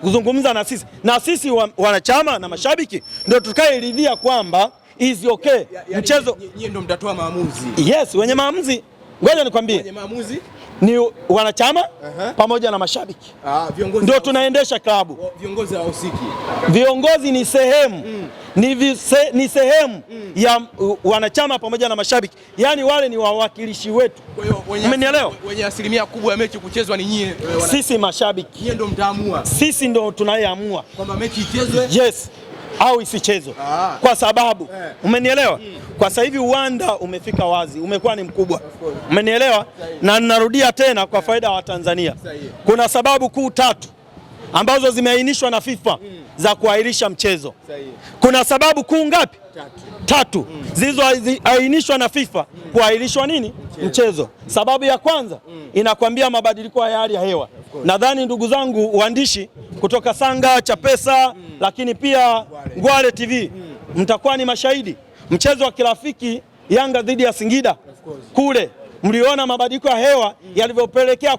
kuzungumza na sisi na sisi wanachama na mashabiki ndio ridhia kwamba is okay mchezo. Nyinyi ndio mtatoa maamuzi. Yes, wenye maamuzi. Ngoja nikwambie, wenye maamuzi ni wanachama uh-huh. pamoja na mashabiki ah, ndio tunaendesha klabu. Viongozi hawahusiki, viongozi ni sehemu mm ni, vise, ni sehemu mm. ya uh, wanachama pamoja na mashabiki, yaani wale ni wawakilishi wetu. Umenielewa? Wenye asilimia kubwa ya mechi kuchezwa ni nyie, sisi mashabiki. Nyie ndio mtaamua, sisi ndio tunayeamua kwamba mechi ichezwe yes au isichezwe ah. kwa sababu eh. Umenielewa mm. Kwa sasa hivi uwanda umefika wazi, umekuwa ni mkubwa, umenielewa, na ninarudia tena kwa eh. faida ya Watanzania, kuna sababu kuu tatu ambazo zimeainishwa na FIFA mm za kuahirisha mchezo. Kuna sababu kuu ngapi? Tatu, tatu. Mm. zilizoainishwa na FIFA mm. kuahirishwa nini mchezo, mchezo. Sababu ya kwanza mm. inakwambia mabadiliko ya hali ya hewa. Nadhani ndugu zangu waandishi kutoka Sanga Chapesa mm. lakini pia Ngwale TV mm. mtakuwa ni mashahidi mchezo wa kirafiki Yanga dhidi ya Singida kule mliona mabadiliko ya hewa mm. yalivyopelekea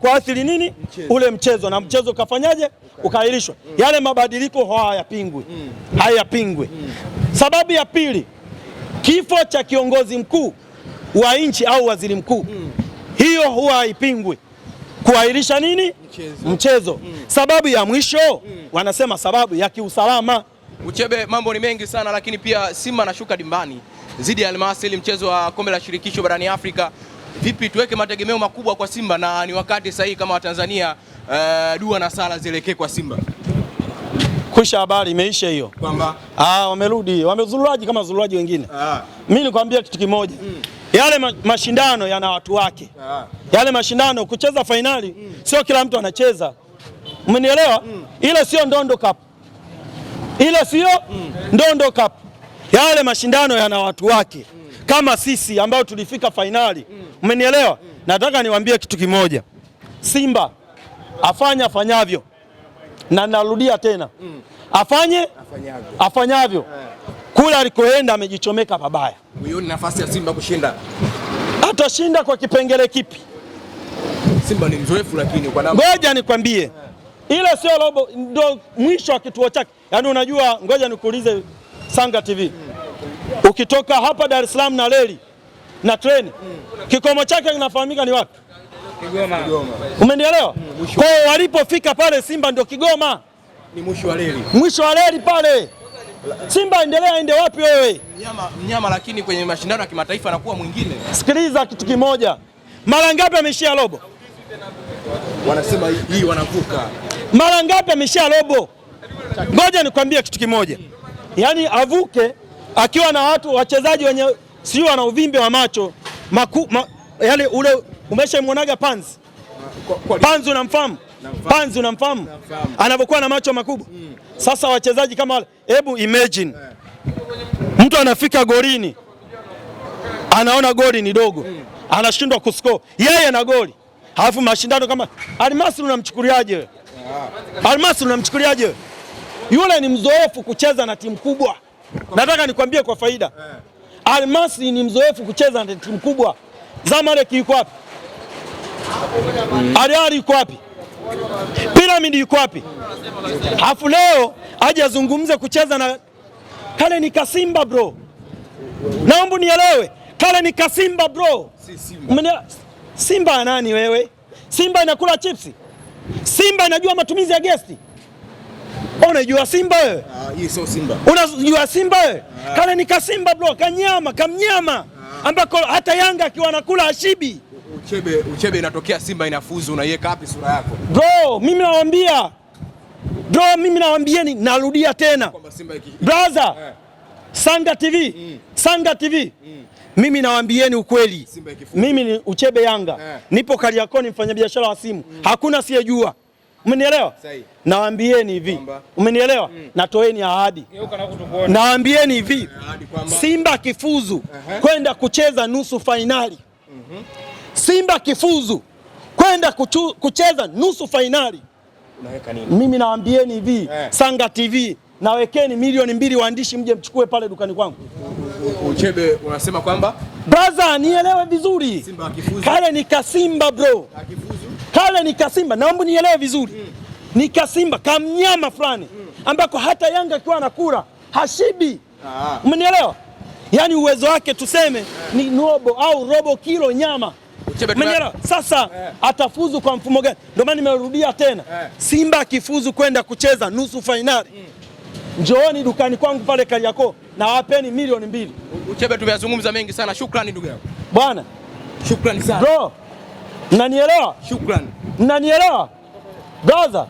kuathiri nini mchezo. Ule mchezo na mchezo ukafanyaje? Ukaahirishwa. mm. Yale mabadiliko hayapingwi, mm. hayapingwi. mm. Sababu ya pili, kifo cha kiongozi mkuu wa nchi au waziri mkuu mm. hiyo huwa haipingwi kuahirisha nini mchezo, mchezo. Mm. Sababu ya mwisho mm. wanasema sababu ya kiusalama Uchebe, mambo ni mengi sana lakini pia Simba anashuka dimbani dhidi ya Almasili, mchezo wa kombe la shirikisho barani Afrika. Vipi, tuweke mategemeo makubwa kwa Simba na ni wakati sahihi kama Watanzania uh, dua na sala zielekee kwa Simba? kusha habari imeisha hiyo kwamba ah, wamerudi wamezuruaji kama zuruaji wengine. Ah. Mimi nikwambia kitu kimoja mm. Yale ma mashindano yana watu wake Aa. Ah. Yale mashindano kucheza fainali mm. Sio kila mtu anacheza, umenielewa mm. Ile sio ndondo cup ile sio mm. Ndondo Cup, yale mashindano yana watu wake mm. kama sisi ambao tulifika fainali umenielewa mm. nataka niwaambie kitu kimoja, Simba afanya afanyavyo, na narudia tena mm. afanye afanyavyo, afanyavyo. Kule alikoenda amejichomeka pabaya. Huioni nafasi ya Simba kushinda? Atashinda kwa kipengele kipi? Simba ni mzoefu, lakini ngoja nikwambie, ile sio robo, ndo mwisho wa kituo chake. Yaani unajua, ngoja nikuulize Sanga TV, ukitoka hapa Dar es Salaam na reli na treni kikomo chake kinafahamika ni wapi? Kigoma. Umenielewa? Mm, Kwa hiyo walipofika pale Simba ndio Kigoma, ni mwisho wa reli, mwisho wa reli pale. Simba endelea ende wapi wewe? Mnyama, mnyama lakini kwenye mashindano ya kimataifa anakuwa mwingine. Sikiliza kitu kimoja, mara ngapi ameishia robo? Wanasema hii wanavuka. Mara ngapi ameishia robo? Ngoja nikwambie kitu kimoja, yaani avuke akiwa na watu wachezaji wenye sio wana uvimbe wa macho maku, ma, yale yaani ule umeshamwonaga Panzi Panzi, unamfahamu Panzi, unamfahamu anavyokuwa na macho makubwa. Sasa wachezaji kama wale, hebu imagine mtu anafika golini anaona goli ni dogo, anashindwa kusko yeye na goli, alafu mashindano kama Almasri unamchukuliaje? Almasri unamchukuliaje? Yule ni mzoefu kucheza na timu kubwa, nataka nikwambie kwa faida yeah. Almasi ni mzoefu kucheza na timu kubwa. Zamalek iko wapi? mm. Ariari iko wapi? Piramidi iko wapi? Alafu leo aje azungumze kucheza na kale ni Kasimba bro, naomba nielewe, kale ni Kasimba bro. Si Simba. ya Simba nani wewe? Simba inakula chipsi? Simba inajua matumizi ya gesti? Unajua Simba wewe? Ah, hii sio Simba. Unajua Simba wewe? Ah. Kana ni Simba bro, kanyama, kamnyama ah. ambako hata Yanga akiwa anakula ashibi. Uchebe, uchebe inatokea Simba inafuzu, unaiweka wapi sura yako? Bro, mimi nawaambia. Bro, mimi ni narudia tena. Brother, eh. Sanga TV, mm. Sanga TV. Mm. Mimi nawaambieni ukweli. Mimi ni uchebe Yanga. Eh. Nipo Kariakoni mfanyabiashara wa simu. Mm. Hakuna siyejua. Umenielewa? Nawaambieni hivi, umenielewa? Mm. Natoeni ahadi, nawaambieni hivi, Simba kifuzu uh -huh. kwenda kucheza nusu fainali uh mhm. -huh. Simba kifuzu kwenda kucheza nusu fainali, mimi nawaambieni hivi eh. Sanga TV nawekeni milioni mbili, waandishi mje mchukue pale dukani kwangu. Uchebe unasema kwamba, braza, nielewe vizuri, kale ni kasimba bro, akifuzu. Kale ni kasimba, naomba nielewe vizuri mm. ni kasimba kamnyama fulani mm. ambako hata Yanga akiwa anakula hashibi, ah. umenielewa? Yaani uwezo wake tuseme eh. ni nobo au robo kilo nyama Mwenyera, sasa yeah. atafuzu kwa mfumo gani? Ndio maana nimerudia tena yeah. Simba akifuzu kwenda kucheza nusu fainali mm. njooni dukani kwangu pale Kariakoo na wapeni milioni mbili. Uchebe, tumeyazungumza mengi sana. Shukrani ndugu yangu bwana, shukrani sana bro. Mnanielewa? Shukrani. Mnanielewa? Brother.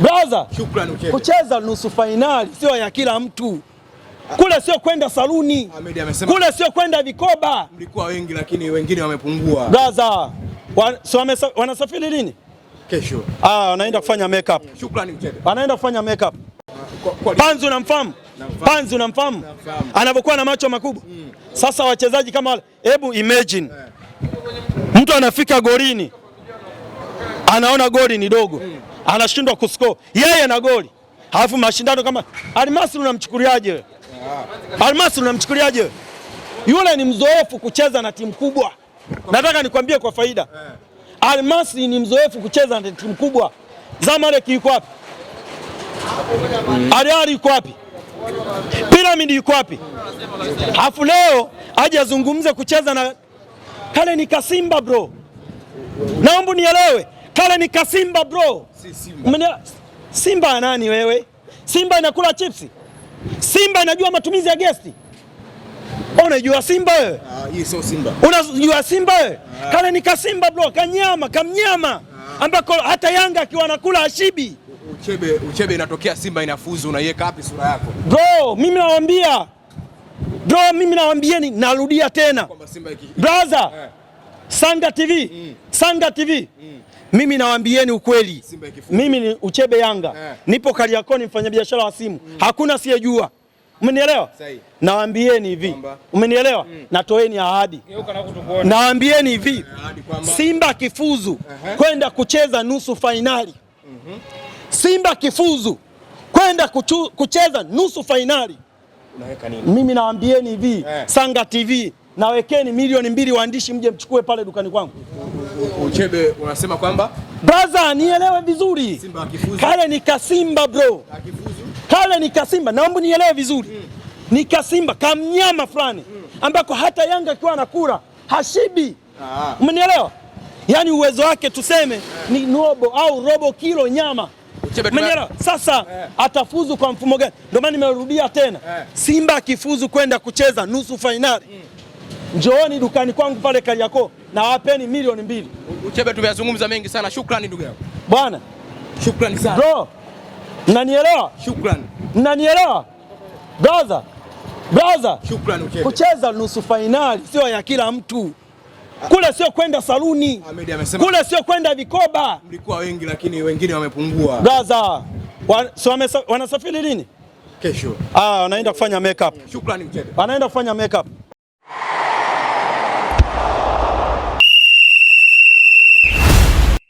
Brother. Shukrani uchebe. Kucheza nusu fainali sio ya kila mtu. Kule sio kwenda saluni. amesema. Kule sio kwenda vikoba. Mlikuwa wengi lakini wengine wamepungua. Brother. Wa, so wanasafiri lini? Kesho. Ah, wanaenda kufanya makeup. Shukrani uchebe. Wanaenda kufanya makeup. Panzu unamfahamu? Panzu unamfahamu? Anavyokuwa na macho makubwa. Mm. Sasa wachezaji kama wale, hebu imagine. Yeah. Mtu anafika golini anaona goli ni dogo, anashindwa kusko yeye na goli, alafu mashindano kama Almasri unamchukuliaje wewe? Almasri unamchukuliaje Yule ni mzoefu kucheza na timu kubwa, nataka nikwambie kwa faida Almasri ni mzoefu kucheza na timu kubwa. Zamalek yuko wapi? Hmm. Ariari yuko wapi? Piramidi yuko wapi? Alafu leo aje azungumze kucheza na Kale ni kasimba bro, naomba nielewe. Kale ni kasimba bro, simba. Mene... ya nani wewe? Simba inakula chipsi? Simba inajua matumizi ya gesti? Unajua simba wewe? Ah, simba. Unajua simba wewe? Ah. Kale ni kasimba bro, kanyama kamnyama ah. ambako hata Yanga akiwa anakula ashibi. Uchebe, uchebe inatokea Simba inafuzu, unaiweka wapi sura yako bro? Mimi nawaambia Bro, mimi nawambieni narudia tena brother, eh. Sanga TV mm. Sanga TV mm. Mimi nawambieni ukweli, mimi ni uchebe Yanga eh. Nipo Kariakoni, mfanyabiashara wa simu mm. Hakuna siyejua, umenielewa? Nawaambieni hivi, umenielewa mm. Natoeni ahadi, nawambieni hivi Simba kifuzu uh -huh. kwenda kucheza nusu fainali mm -hmm. Simba kifuzu kwenda kucheza nusu fainali mimi nawaambieni hivi eh. Sanga TV nawekeni milioni mbili waandishi mje mchukue pale dukani kwangu. Uchebe unasema kwamba Brother, nielewe vizuri. Simba akifuzu. Kale ni kasimba bro. Akifuzu. Kale ni kasimba, naomba nielewe vizuri mm. Ni kasimba kamnyama fulani mm. ambako hata Yanga akiwa anakula hashibi. Ah. Umenielewa? Yaani uwezo wake tuseme eh. ni nobo au robo kilo nyama Menyera, Sasa eh. atafuzu kwa mfumo gani? Ndio maana nimerudia tena, eh. Simba akifuzu kwenda kucheza nusu fainali mm. Njooni dukani kwangu pale Kariakoo na wapeni milioni mbili. Uchebe, tumeyazungumza mengi sana. Shukrani ndugu yangu bwana, shukrani sana bro, mnanielewa? Shukrani, mnanielewa brother, brother, Shukrani Uchebe, kucheza nusu fainali sio ya kila mtu kule sio kwenda saluni, kule sio kwenda vikoba. Mlikuwa wengi lakini wengine wamepungua. Gaza wanasafiri lini? Kesho. Ah, wanaenda kufanya makeup. Shukrani mchete. Wanaenda kufanya makeup.